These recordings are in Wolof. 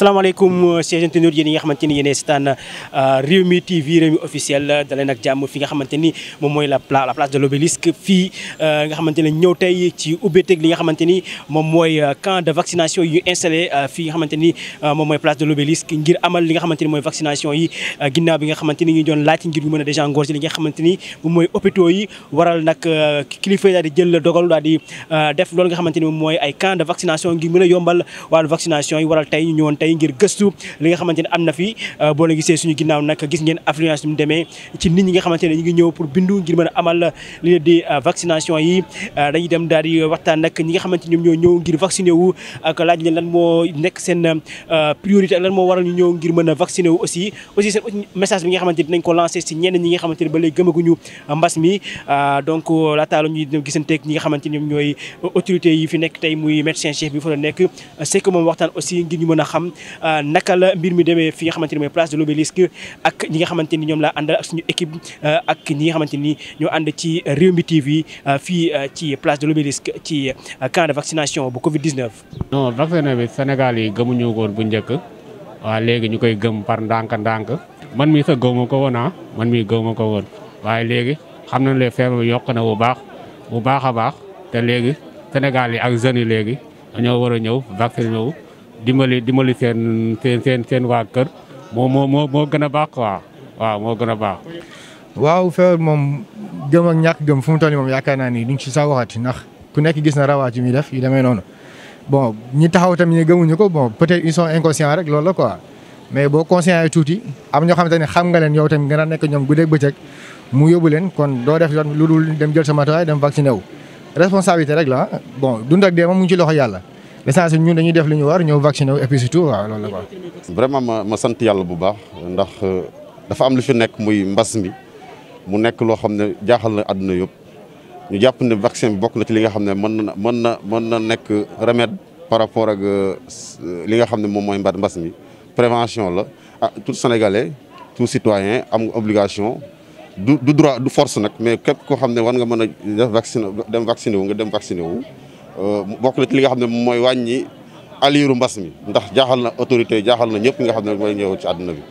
asalaamaaleykum euh, chers internautes yéen yi nga xamante ni yéenee seetaan euh, TV réew officiel dalee nag jàmm fi nga xamante ni moom mooy la la place de l'obélisque fii euh, nga xamante ne ñëw tey ci ubbeeteeg li nga xamante ni moom mooy camp de yu installé fii nga xamante ni moom mooy place de l'obélisque ngir amal li nga xamante ni mooy vaccination yi ginnaaw bi nga xamante ni ñu doon laaj ngir ñu mën a déjà ngor ci li nga xamante ni moom mooy hôpitaux yi waral nag kilifa yi di jël dogal daal di def loolu nga xamante ni moom mooy ay camp a yombal wàllu vaccination yi ngir gëstu li nga xamante ne am na fi euh, boo la gisee suñu ginnaaw nag gis ngeen affluence bi mu demee ci nit ñi nga xamante ngi euh, euh, ñi nga xamante ñoom ñoo ñëw ngir vacciné wu ak laaj leen lan moo nekk seen priorité ak lan moo waral ñu ñëw ngir mën a vacciné wu aussi aussi seen message bi nga xamante ne dinañ ko lancé si ñenn ñi nga xamante ne ba léegi gëmaguñu mbas mi donc laataala ñuy dem gisanteeg ñi nga xamante ñoom ñooy autorité yi fi nekk tey muy médecin chef bi fa la nekk a Euh, naka la mbir mi demee fi nga xamante ni mooy place de l'obélisque ak ñi nga xamante ni ñoom laa àndal ak suñu équipe euh, ak ñi nga xamante ni ñoo ànd ci réew Rewmi TV euh, fii ci place de l'obélisque ci camp de vaccination bu Covid 19. non vaccin bi Sénégal yi gëmuñu koon bu njëkk waaye léegi ñu koy gëm par ndànk-ndànk man mi sa gëmuma ko woon ah man mi gëmuma ko woon waaye léegi xam nañ ne feebar yokk na bu baax bu baax a baax te léegi Sénégal yi ak jeunes yi léegi dañoo war a ñëw vacciné wu dimbali dimbali seen seen seen waa kër moo moo moo moo gën a baax quoi waaw moo gën a baax. waaw feebar moom gëm ak ñàkk gëm fu mu toll nii moom yaakaar naa ni duñ ci sax waxati ndax ku nekk gis na rawaat yu muy def yu demee noonu bon ñi taxaw tamit ñi gëmuñu ko bon peut-être ils sont inconscients rek loolu la quoi. mais boo conscient yi tuuti am ñoo xam xamante ne xam nga leen yow tamit gën a nekk ñoom guddeeg bëccëg mu yóbbu leen kon doo def yoon lu dul dem jël sa matuwaay dem vacciné wu. responsabilité rek la ah. bon dund ak dee moom mu ngi loxo yàlla l'essentiel ñun dañuy def li ñu war ñëw vacciné wu et puis surtout waaw loolu ma sant yàlla bu baax ndax euh, dafa am lu fi nekk muy mbas mi mu nekk loo xam ne jaaxal na àdduna yëpp ñu jàpp ne vaccin bi bokk na ci li nga xam ne mën na mën na mën na nekk remède par rapport ak euh, li nga xam ne moom mooy mbat mbas mi prévention la ah tout sénégalais tout citoyen am obligation du du droit du force nag mais képp koo xam ne war nga mën a def dem vacciné wu nga dem vacciné wu Euh, bokk na ci li nga xam ne mooy wàññi aliiru mbas mi ndax jaaxal na autorité jaaxal na ñëpp nga xam ne mooy ñëw ci àdduna bi.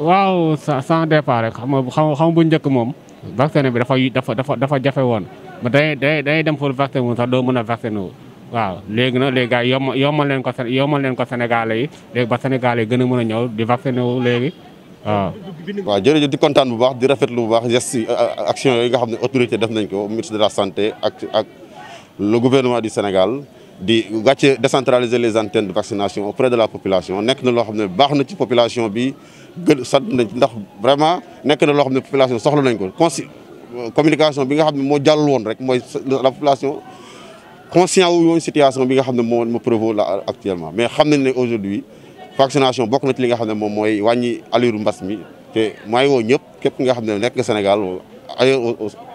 waaw sans départ rek xam nga xam bu njëkk moom. vaccin bi dafa dafa dafa dafa jafe woon ba day day day dem pour vaccin wu sax doo mën a vaccin wu waaw léegi nag léegi gars yomb yombal leen ko yombal leen ko Sénégalais yi léegi ba Sénégalais yi gën a mën a ñëw di vaccin wu léegi waaw. waaw jërëjëf di kontaan bu baax di rafetlu bu baax geste action yooyu nga xam ne autorité def nañ ko ministre de santé le gouvernement du Sénégal di gàcce décentraliser les antennes de vaccination auprès de la population nekk na loo xam ne baax na ci population bi gën sant nañ ndax vraiment nekk na loo xam ne population soxla nañ ko consi communication bi nga xam ne moo jàll woon rek mooy la population conscient wu woon situation bi nga xam ne moo moo prévaut la actuellement mais xam nañ ne aujourd'hui vaccination bokk na li nga xam ne moom mooy wàññi allure mbas mi te maay woo ñëpp képp nga xam ne nekk nga Sénégal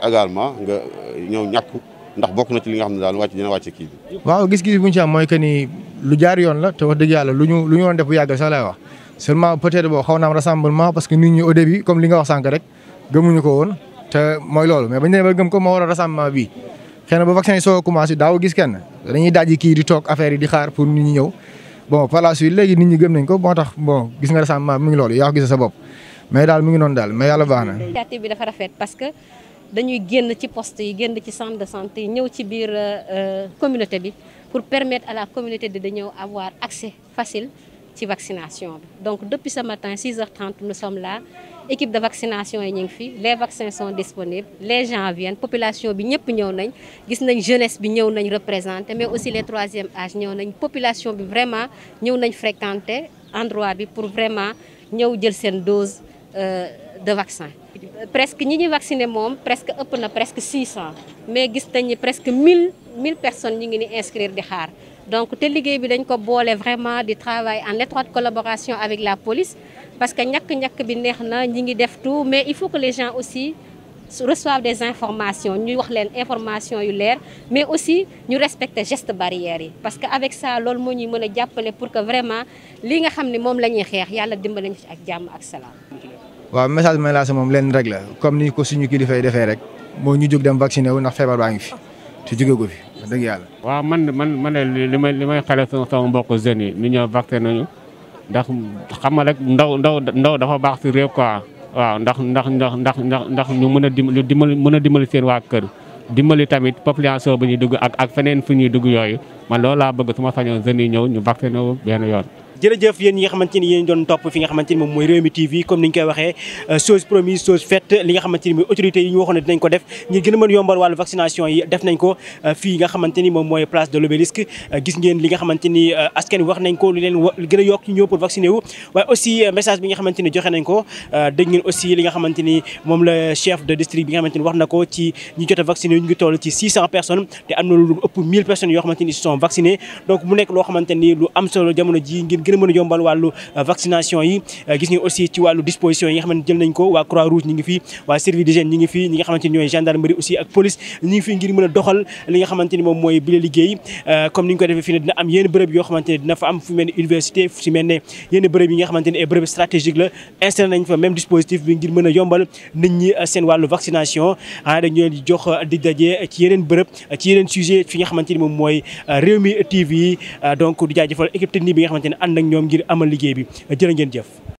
également nga ñëw ñàkk ndax bokk na ci li nga xam ne daal wàcc dina wàcce kii bi waaw gis-gis bu ñu ci mooy que ni lu jaar yoon la te wax dëgg yàlla lu ñu lu ñu doon def bu yàggal boo xaw na am parce que nit ñi au début li nga wax sànq rek gëmuñu ko woon te mooy loolu mais bañ ne ba gëm ko moo war a rassemblement bii xëy na ba vaccin soo commencé daaw gis kenn dañuy dajji kii di toog affaire yi di xaar pour nit ñi ñëw bon par la suite léegi nit nañ ko moo tax bon gis nga rassemblement ngi loolu yaa ko gis sa bopp mais daal mi ngi noonu daal mais yàlla baax dañuy génn ci poste yi génn ci centre de santé yi ñëw ci biir euh, euh, communauté bi pour permettre à la communauté de ñëw avoir accès facile ci vaccination bi donc depuis ce matin 6h30 nous sommes là équipe de vaccination yi ñu ngi fi les vaccins sont disponibles les gens viennent population bi ñëpp ñëw nañ gis nañ jeunesse bi ñëw nañ représenté mais aussi les troisième âge ñëw nañ population bi vraiment ñëw nañ fréquenté endroit bi pour vraiment ñëw jël seen dose euh, de vaccin presque ñi ñu vacciné moom presque ëpp na presque 600 mais gis nañ ni presque 1000 1000 personnes ñu ngi ni inscrire di xaar donc te liggéey bi dañ ko boole vraiment di travail en étroite collaboration avec la police parce que ñàkk-ñàkk bi neex na ñi ngi def tout mais il faut que les gens aussi reçoivent des informations ñu wax leen information yu leer mais aussi ñu respecter gestes barrières yi parce que avec ça loolu moo ñuy mën a jàppale pour que vraiment li nga xam ne moom la ñuy xeex yàlla dimbali ñu ci ak jàmm ak salaam waaw message bi moom leen rek la comme ni ko suñu kilifa yi defee rek moo ñu jóg dem vacciné wu ndax feebar baa ngi fi te jóge ko fi wax dëgg yàlla. waaw man man man li may li may xale sama mbokk jeunes yi ñu ñëw ndax xam nga rek ndaw ndaw ndaw dafa baax si réew quoi. waaw ndax ndax ndax ndax ndax ñu mën a dimbali dimbali mën a dimbali seen waa kër dimbali tamit population ba ñu dugg ak ak feneen fu ñuy dugg yooyu ma loolu laa bëgg suma sañoon jeunes yi ñëw ñu vacciné wu benn yoon. jërëjëf yéen ñi nga xamante ni yéen doon topp fi nga xamante ni moom mooy Rewmi TV comme ni ñu koy waxee euh, chose promise chose faite li yi a mën yombal wàllu euh, nga xamante ni moom mooy place de l'obélisque euh, gis ngeen li nga xamante askan wax nañ ko lu leen gën a yokk ci ñëw vacciner wu waaye aussi message bi nga xamante joxe nañ ko dégg ngeen aussi li nga xamante moom la chef de district bi nga xamante wax na ko ci ñi jot a vacciné ñu ngi toll ci 600 personnes te am na lu ëpp 1000 personnes yoo xamante ni sont donc mu nekk loo xamante lu am solo gën a mën yombal wàllu euh, vaccination yi euh, gis nga aussi ci wàllu disposition yi nga xamante jël nañ ko waa croix rouge ñi ngi fii waa service d'hygiène ñi ngi fii ñi ngir mën a doxal li nga xamante moom mooy bile liggéey euh, comme ni ñu ko defee fii ne dina am yenn bërëb yoo xamante dina fa am fu mel université fu mel ne yenn bërëb yi nga xamante ne bërëb stratégique la installé nañ fa même dispositif bi ngir mën a yombal nit ñi seen wàllu vaccination ànd ñoom ngir amal liggéey bi jërë ngeen jëf